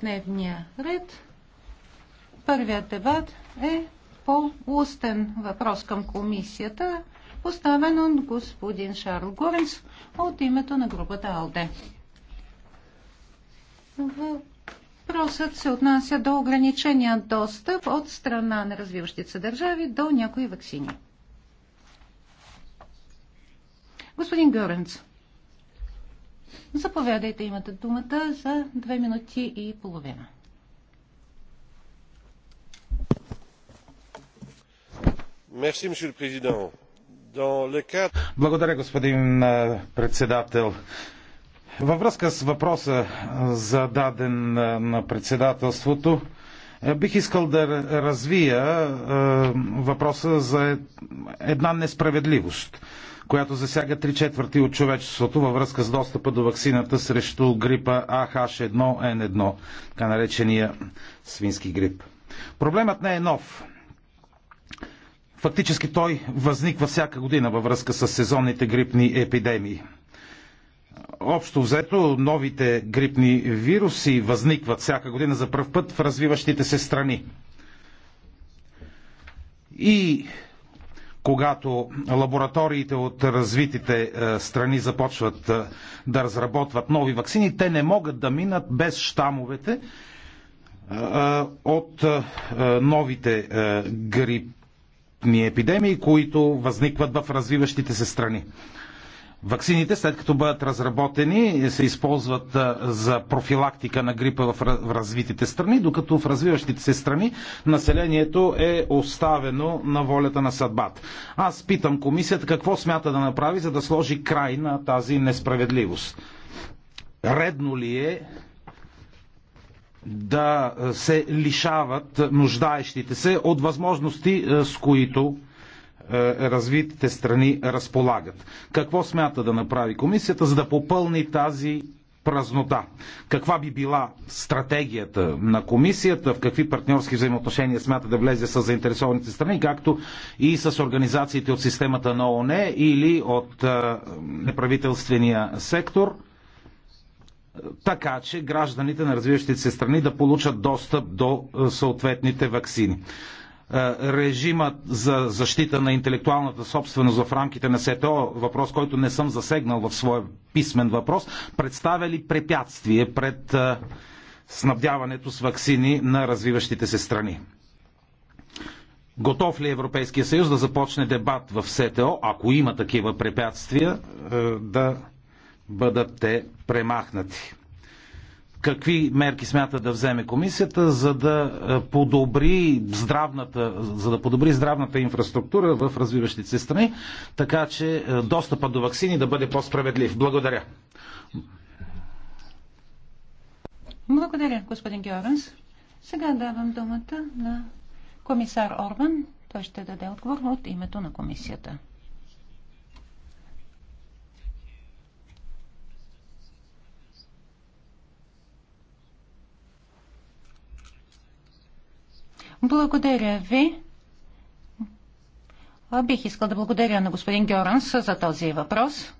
дневния ред. Първият дебат е по устен въпрос към комисията, поставен от господин Шарл Горенс от името на групата АЛДЕ. Въпросът се отнася до ограничения достъп от страна на развиващите се държави до някои вакцини. Господин Горенц, Заповядайте, имате думата за две минути и половина. Благодаря, господин председател. Във връзка с въпроса зададен на председателството, бих искал да развия въпроса за е-, една несправедливост която засяга три четвърти от човечеството във връзка с достъпа до ваксината срещу грипа AH1N1, така наречения свински грип. Проблемът не е нов. Фактически той възниква всяка година във връзка с сезонните грипни епидемии. Общо взето, новите грипни вируси възникват всяка година за първ път в развиващите се страни. И когато лабораториите от развитите е, страни започват е, да разработват нови вакцини, те не могат да минат без щамовете е, от новите грипни епидемии, които възникват в развиващите се страни. Ваксините, след като бъдат разработени, се използват за профилактика на грипа в развитите страни, докато в развиващите се страни населението е оставено на волята на съдбата. Аз питам комисията какво смята да направи, за да сложи край на тази несправедливост. Редно ли е да се лишават нуждаещите се от възможности, с които е, е, развитите страни разполагат. Какво смята да направи комисията, за да попълни тази празнота. Каква би била стратегията на комисията, в какви партньорски взаимоотношения смята да влезе с заинтересованите страни, както и с организациите от системата на ООН или от е, неправителствения сектор, така че гражданите на развиващите се страни да получат достъп до съответните вакцини. Е, режима за защита на интелектуалната собственост в рамките на СТО, въпрос, който не съм засегнал в своя писмен въпрос, представя ли препятствие пред е, снабдяването с вакцини на развиващите се страни? Готов ли е Европейския съюз да започне дебат в СТО, ако има такива препятствия, да бъдат те премахнати? какви мерки смята да вземе комисията, за да е, подобри здравната, за да подобри здравната инфраструктура в развиващите се страни, така че е, достъпа до вакцини да бъде по-справедлив. Благодаря. Благодаря, господин Георгенс. Сега давам думата на комисар Орбан. Той ще даде отговор от името на комисията. Благодаря ви. Бих искал да благодаря на господин Гьоранс за този въпрос,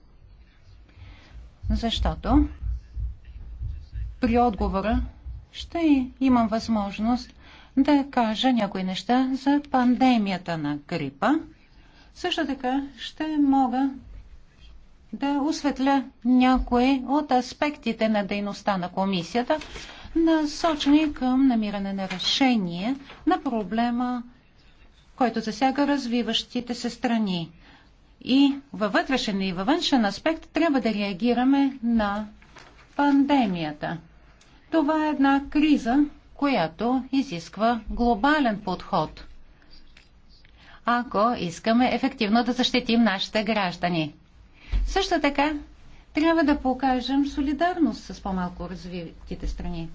защото при отговора ще имам възможност да кажа някои неща за пандемията на грипа. Също така ще мога да осветля някои от аспектите на дейността на комисията, насочени към намиране на решение на проблема, който засяга развиващите се страни. И във вътрешен и във външен аспект трябва да реагираме на пандемията. Това е една криза, която изисква глобален подход, ако искаме ефективно да защитим нашите граждани. Също така, трябва да покажем солидарност с по-малко развитите страни.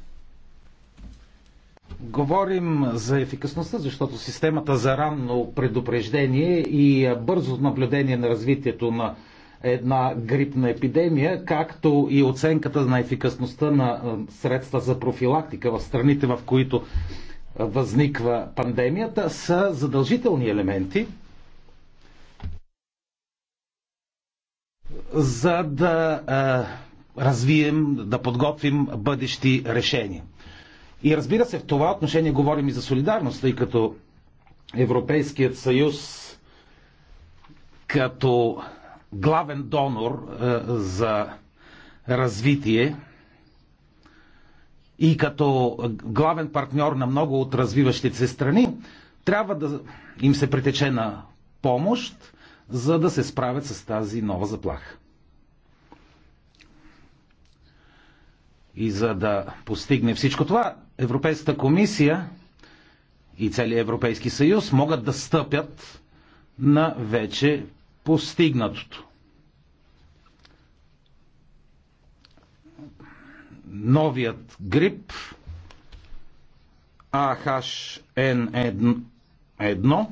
Говорим за ефикасността, защото системата за ранно предупреждение и бързо наблюдение на развитието на една грипна епидемия, както и оценката на ефикасността на средства за профилактика в страните, в които възниква пандемията, са задължителни елементи, за да развием, да подготвим бъдещи решения. И разбира се, в това отношение говорим и за солидарност, тъй като Европейският съюз като главен донор е, за развитие и като главен партньор на много от развиващите се страни, трябва да им се притече на помощ, за да се справят с тази нова заплаха. И за да постигне всичко това, Европейската комисия и целият Европейски съюз могат да стъпят на вече постигнатото. Новият грип AHN1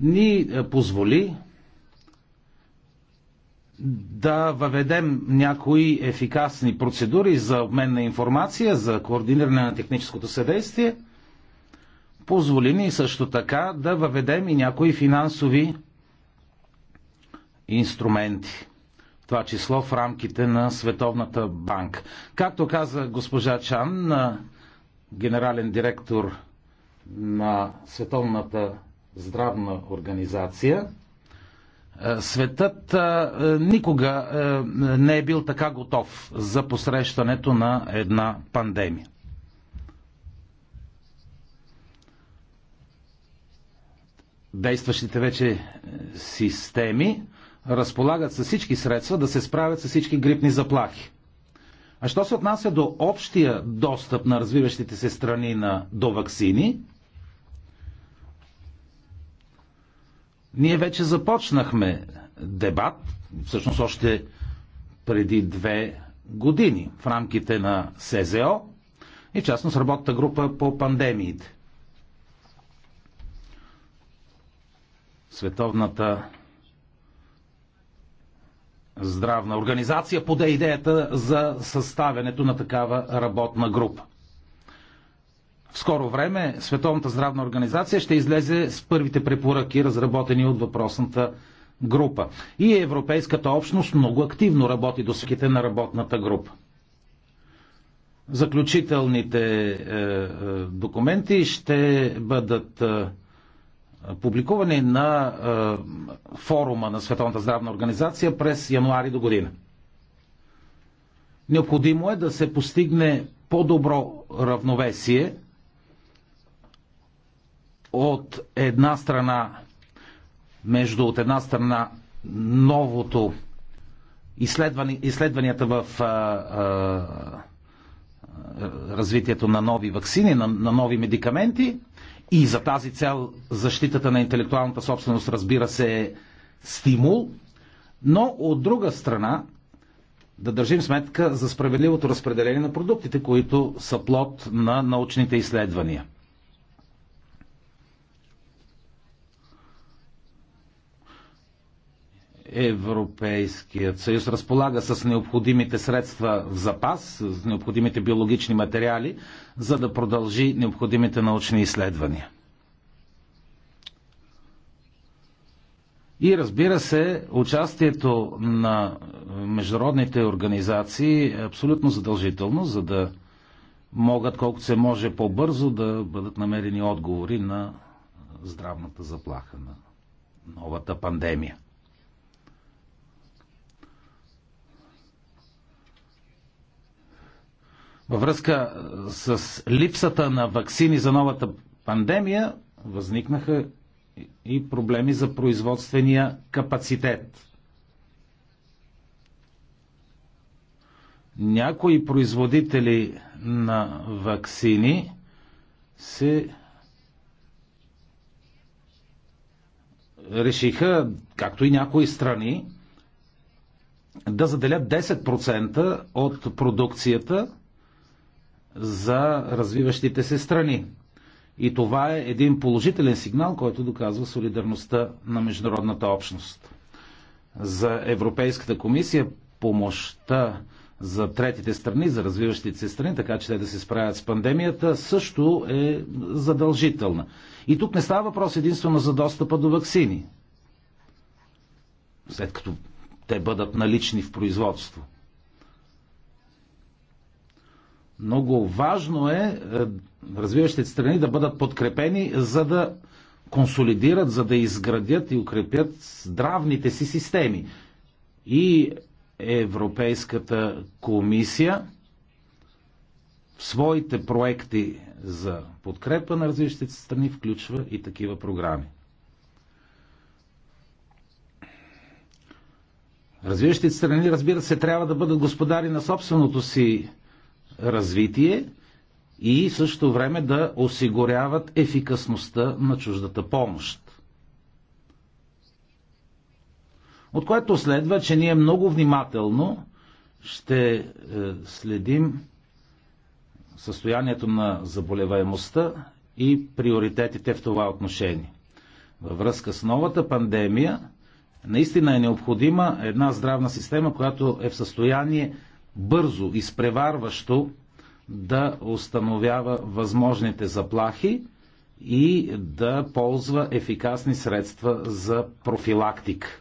ни позволи да въведем някои ефикасни процедури за обмен на информация, за координиране на техническото съдействие, позволи ни също така да въведем и някои финансови инструменти това число в рамките на Световната банка. Както каза госпожа Чан, генерален директор на Световната здравна организация, е, светът е, никога е, не е бил така готов за посрещането на една пандемия. Действащите вече системи разполагат с всички средства да се справят с всички грипни заплахи. А що се отнася до общия достъп на развиващите се страни на, до вакцини, Ние вече започнахме дебат, всъщност още преди две години в рамките на СЗО и частно с работната група по пандемиите. Световната здравна организация поде идеята за съставянето на такава работна група в скоро време Световната здравна организация ще излезе с първите препоръки, разработени от въпросната група. И Европейската общност много активно работи до ските на работната група. Заключителните е, е, документи ще бъдат е, публикувани на е, форума на Световната здравна организация през януари до година. Необходимо е да се постигне по-добро равновесие от една страна между от една страна новото изследванията в а, а, развитието на нови вакцини, на, на нови медикаменти и за тази цел защитата на интелектуалната собственост, разбира се, е стимул, но от друга страна да държим сметка за справедливото разпределение на продуктите, които са плод на научните изследвания. Европейският съюз разполага с необходимите средства в запас, с необходимите биологични материали, за да продължи необходимите научни изследвания. И разбира се, участието на международните организации е абсолютно задължително, за да могат колкото се може по-бързо да бъдат намерени отговори на здравната заплаха на новата пандемия. Във връзка с липсата на вакцини за новата пандемия възникнаха и проблеми за производствения капацитет. Някои производители на вакцини се решиха, както и някои страни, да заделят 10% от продукцията за развиващите се страни. И това е един положителен сигнал, който доказва солидарността на международната общност. За Европейската комисия помощта за третите страни, за развиващите се страни, така че те да се справят с пандемията, също е задължителна. И тук не става въпрос единствено за достъпа до вакцини, след като те бъдат налични в производство – много важно е, е развиващите страни да бъдат подкрепени, за да консолидират, за да изградят и укрепят здравните си системи. И Европейската комисия в своите проекти за подкрепа на развиващите страни включва и такива програми. Развиващите страни, разбира се, трябва да бъдат господари на собственото си развитие и също време да осигуряват ефикасността на чуждата помощ. От което следва, че ние много внимателно ще е, следим състоянието на заболеваемостта и приоритетите в това отношение. Във връзка с новата пандемия, наистина е необходима една здравна система, която е в състояние бързо, изпреварващо да установява възможните заплахи и да ползва ефикасни средства за профилактика.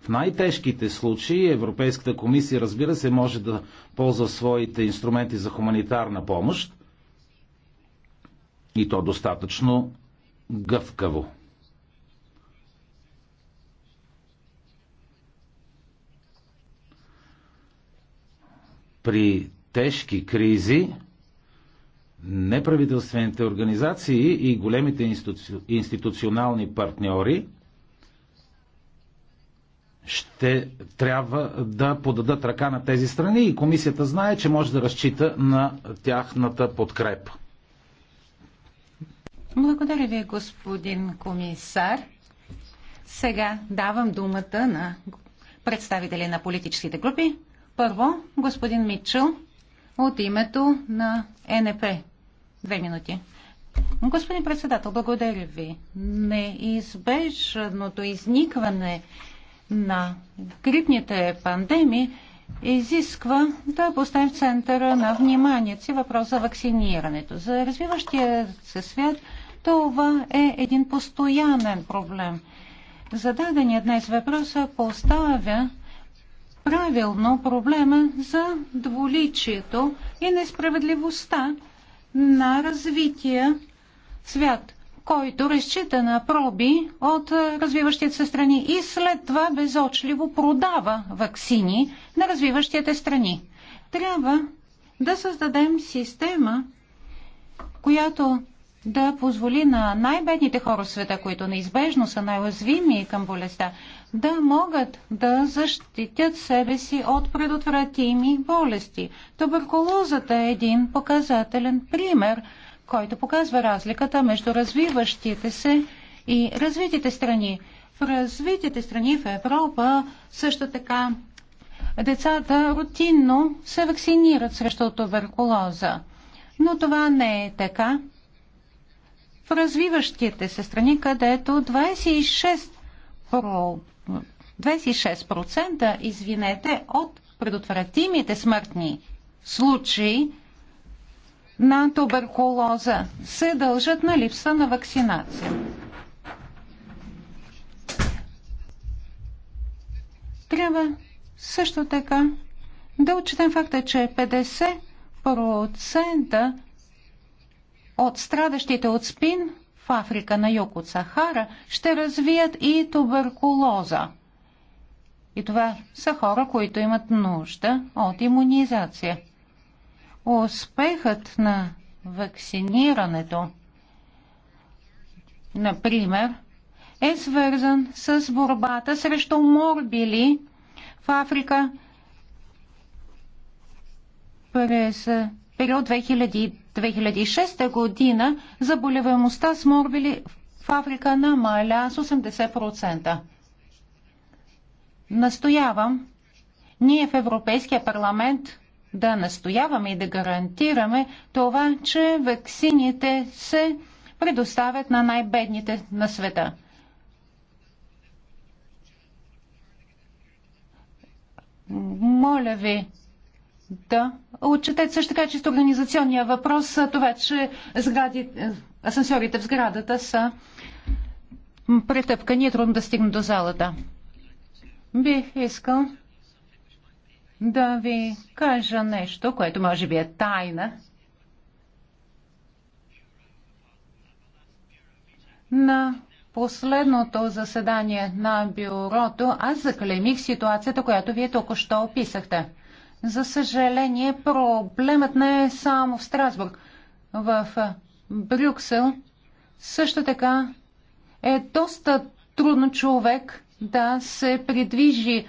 В най-тежките случаи Европейската комисия, разбира се, може да ползва своите инструменти за хуманитарна помощ и то достатъчно гъвкаво. при тежки кризи неправителствените организации и големите институци... институционални партньори ще трябва да подадат ръка на тези страни и комисията знае, че може да разчита на тяхната подкрепа. Благодаря ви, господин комисар. Сега давам думата на представители на политическите групи. Първо, господин Митчел от името на НП. Две минути. Господин председател, благодаря ви. Неизбежното изникване на грипните пандемии изисква да поставим в центъра на вниманието си въпрос за вакцинирането. За развиващия се свят това е един постоянен проблем. Зададеният днес въпрос поставя правилно проблема за дволичието и несправедливостта на развития свят, който разчита на проби от развиващите се страни и след това безочливо продава вакцини на развиващите страни. Трябва да създадем система, която да позволи на най-бедните хора в света, които неизбежно са най-уязвими към болестта, да могат да защитят себе си от предотвратими болести. Туберкулозата е един показателен пример, който показва разликата между развиващите се и развитите страни. В развитите страни в Европа също така децата рутинно се вакцинират срещу туберкулоза. Но това не е така. В развиващите се страни, където 26 26% извинете, от предотвратимите смъртни случаи на туберкулоза се дължат на липса на вакцинация. Трябва също така да отчетем факта, че 50% от страдащите от спин в Африка на юг от Сахара ще развият и туберкулоза – и това са хора, които имат нужда от иммунизация. Успехът на вакцинирането, например, е свързан с борбата срещу морбили в Африка през период 2000-2006 година заболеваемостта с морбили в Африка намаля с 80%. Настоявам ние в Европейския парламент да настояваме и да гарантираме това, че вакцините се предоставят на най-бедните на света. Моля ви да отчетете също така чисто организационния въпрос, това, че сгради, асансьорите в сградата са претъпкани и трудно да стигнат до залата. Бих искал да ви кажа нещо, което може би е тайна. На последното заседание на бюрото аз заклемих ситуацията, която вие току-що описахте. За съжаление, проблемът не е само в Страсбург. В Брюксел също така е доста трудно човек да се придвижи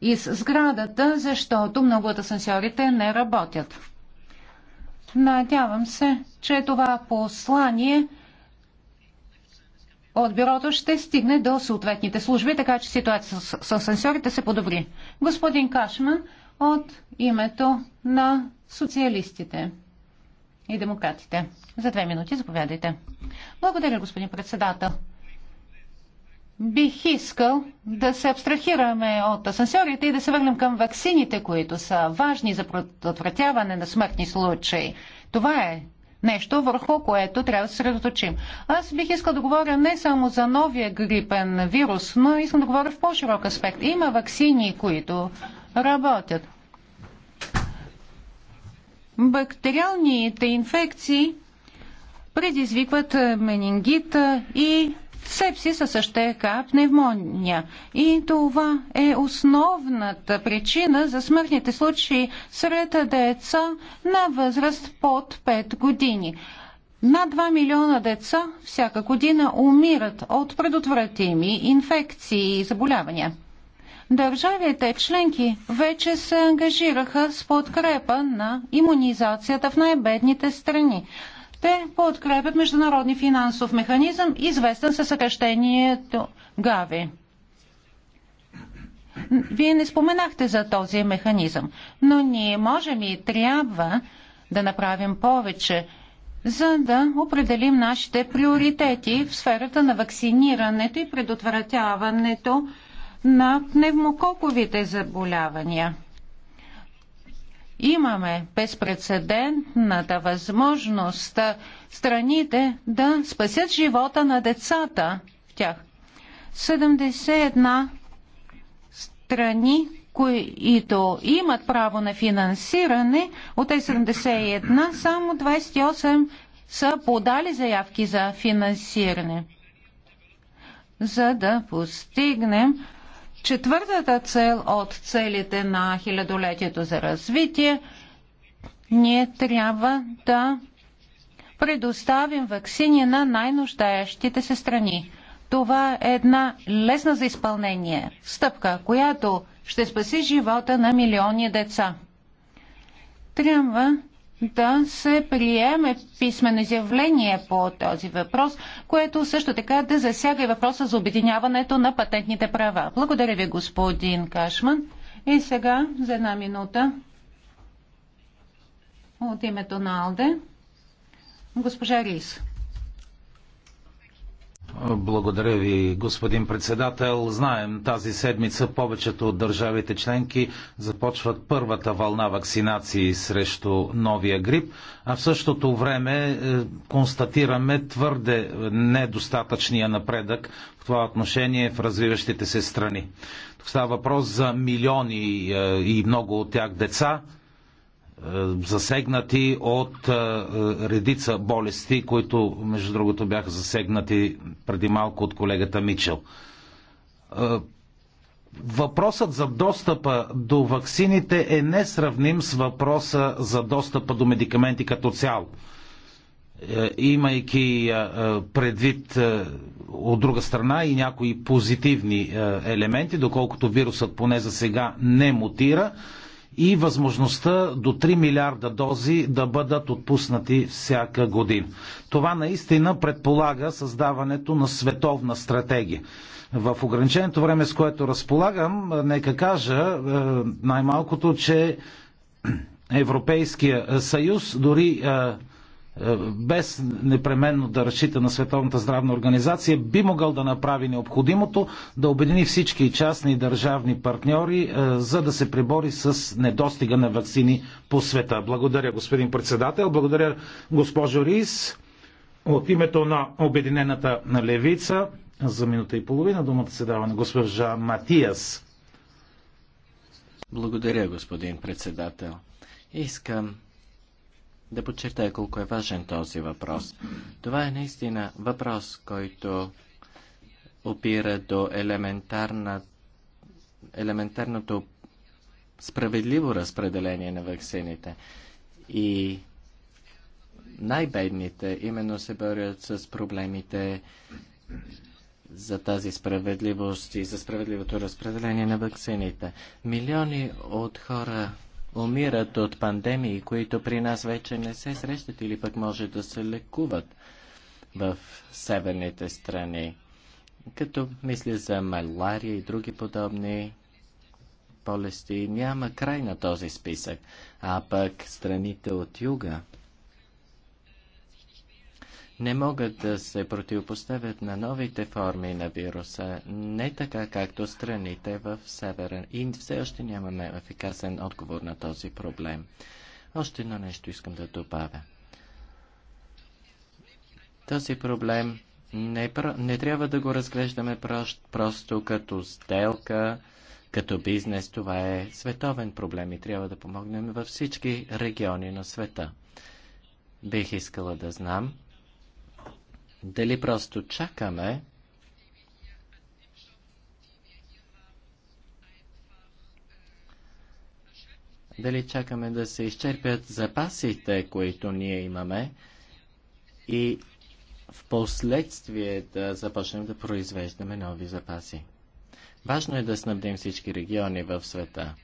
из сградата, защото много от асансьорите не работят. Надявам се, че това послание от бюрото ще стигне до съответните служби, така че ситуация с, с асансьорите се подобри. Господин Кашман от името на социалистите и демократите. За две минути заповядайте. Благодаря, господин председател. Бих искал да се абстрахираме от асансьорите и да се върнем към ваксините, които са важни за предотвратяване на смъртни случаи. Това е нещо, върху което трябва да се средоточим. Аз бих искал да говоря не само за новия грипен вирус, но искам да говоря в по-широк аспект. Има вакцини, които работят. Бактериалните инфекции предизвикват менингита и сепсис, а също така пневмония. И това е основната причина за смъртните случаи сред деца на възраст под 5 години. На 2 милиона деца всяка година умират от предотвратими инфекции и заболявания. Държавите членки вече се ангажираха с подкрепа на иммунизацията в най-бедните страни. Те подкрепят международни финансов механизъм, известен със съкрещението ГАВИ. Вие не споменахте за този механизъм, но ние можем и трябва да направим повече, за да определим нашите приоритети в сферата на вакцинирането и предотвратяването на пневмококовите заболявания имаме безпредседентната възможност страните да спасят живота на децата в тях. 71 страни, които имат право на финансиране, от тези 71 само 28 са подали заявки за финансиране. За да постигнем четвъртата цел от целите на хилядолетието за развитие, ние трябва да предоставим вакцини на най-нуждаещите се страни. Това е една лесна за изпълнение стъпка, която ще спаси живота на милиони деца. Трябва да се приеме писмено изявление по този въпрос, което също така да засяга и въпроса за обединяването на патентните права. Благодаря ви, господин Кашман. И сега за една минута от името на Алде госпожа Рис. Благодаря ви, господин председател. Знаем, тази седмица повечето от държавите членки започват първата вълна вакцинации срещу новия грип, а в същото време е, констатираме твърде недостатъчния напредък в това отношение в развиващите се страни. Тук става въпрос за милиони е, и много от тях деца, е, засегнати от е, е, редица болести, които, между другото, бяха засегнати преди малко от колегата Мичел. Въпросът за достъпа до ваксините е несравним с въпроса за достъпа до медикаменти като цяло. Имайки предвид от друга страна и някои позитивни елементи, доколкото вирусът поне за сега не мутира, и възможността до 3 милиарда дози да бъдат отпуснати всяка година. Това наистина предполага създаването на световна стратегия. В ограниченото време, с което разполагам, нека кажа най-малкото, че Европейския съюз дори е, без непременно да разчита на Световната здравна организация, би могъл да направи необходимото да обедини всички частни и държавни партньори, е, за да се прибори с недостига на вакцини по света. Благодаря, господин председател. Благодаря, госпожо Рис. От името на Обединената левица за минута и половина думата се дава на госпожа Матиас. Благодаря, господин председател. Искам да подчертая колко е важен този въпрос. Това е наистина въпрос, който опира до елементарна, елементарното справедливо разпределение на вакцините. И най-бедните именно се борят с проблемите за тази справедливост и за справедливото разпределение на вакцините. Милиони от хора умират от пандемии, които при нас вече не се срещат или пък може да се лекуват в северните страни. Като мисля за малария и други подобни болести, няма край на този списък. А пък страните от юга не могат да се противопоставят на новите форми на вируса, не така както страните в Северен. И все още нямаме ефикасен отговор на този проблем. Още едно нещо искам да добавя. Този проблем не, е не трябва да го разглеждаме прост, просто като сделка, като бизнес. Това е световен проблем и трябва да помогнем във всички региони на света. Бих искала да знам дали просто чакаме Дали чакаме да се изчерпят запасите, които ние имаме и в последствие да започнем да произвеждаме нови запаси. Важно е да снабдим всички региони в света.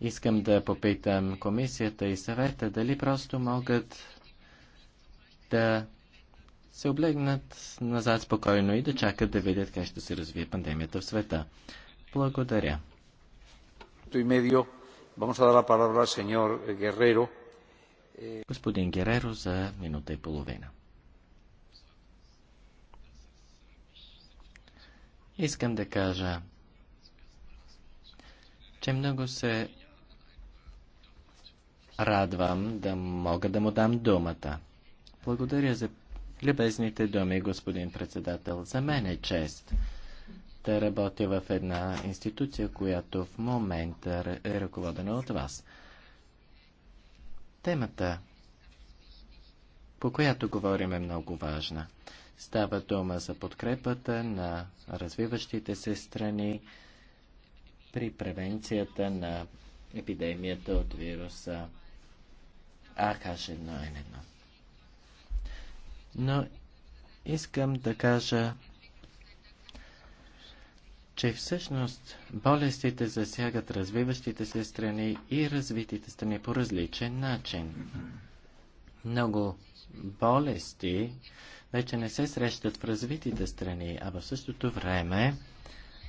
Искам да попитам комисията и съвета дали просто могат да се облегнат назад спокойно и да чакат да видят как ще се развие пандемията в света. Благодаря. Господин Гереро за минута и половина. Искам да кажа, че много се радвам да мога да му дам думата. Благодаря за любезните думи, господин председател. За мен е чест да работя в една институция, която в момента е ръководена от вас. Темата, по която говорим, е много важна. Става дума за подкрепата на развиващите се страни при превенцията на епидемията от вируса АХ1N1 но искам да кажа, че всъщност болестите засягат развиващите се страни и развитите страни по различен начин. Много болести вече не се срещат в развитите страни, а в същото време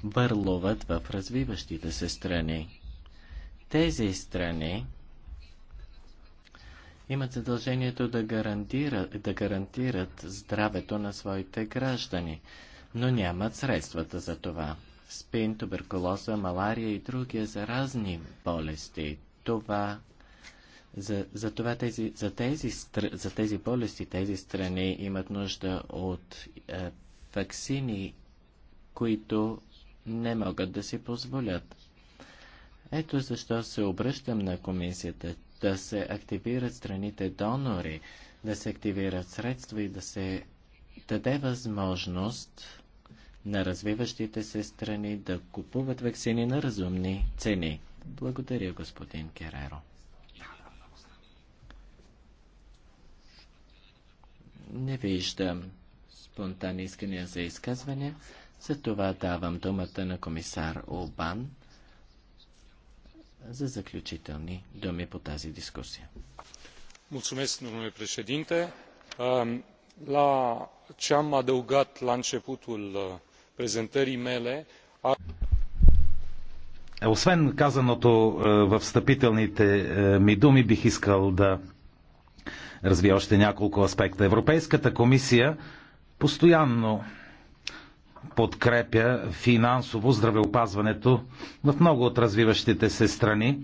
върлуват в развиващите се страни. Тези страни имат задължението да, гарантира, да гарантират здравето на своите граждани, но нямат средствата за това. Спин, туберкулоза, малария и други заразни болести. Това за, за, това тези, за, тези, за тези болести тези страни имат нужда от е, вакцини, които не могат да си позволят. Ето защо се обръщам на комисията да се активират страните донори, да се активират средства и да се даде възможност на развиващите се страни да купуват вакцини на разумни цени. Благодаря, господин Кереро. Не виждам спонтанни искания за изказвания, затова давам думата на комисар Обан за заключителни думи по тази дискусия. La ce am adăugat la începutul uh, prezentării mele. Освен казаното е, в встъпителните е, ми думи, бих искал да развия още няколко аспекта. Европейската комисия постоянно подкрепя финансово здравеопазването в много от развиващите се страни.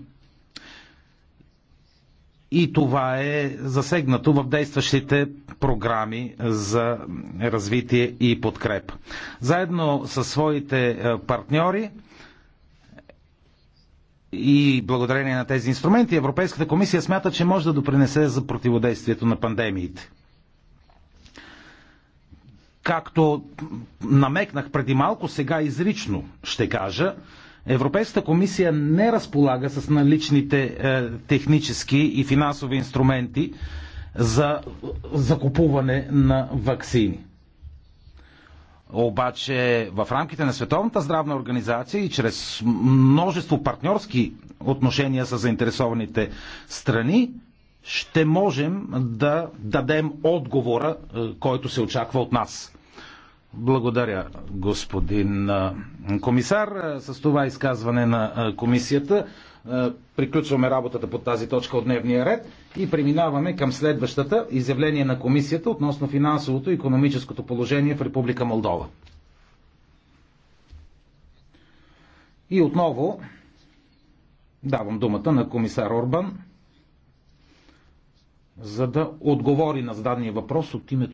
И това е засегнато в действащите програми за развитие и подкреп. Заедно със своите е, партньори и благодарение на тези инструменти Европейската комисия смята, че може да допринесе за противодействието на пандемиите. Както намекнах преди малко, сега изрично ще кажа, Европейската комисия не разполага с наличните е, технически и финансови инструменти за закупуване на вакцини. Обаче в рамките на Световната здравна организация и чрез множество партньорски отношения с заинтересованите страни, ще можем да дадем отговора, е, който се очаква от нас. Благодаря, господин е, комисар. Е, с това изказване на комисията приключваме работата по тази точка от дневния ред и преминаваме към следващата изявление на комисията относно финансовото и економическото положение в Република Молдова. И отново давам думата на комисар Орбан за да отговори на зададения въпрос от името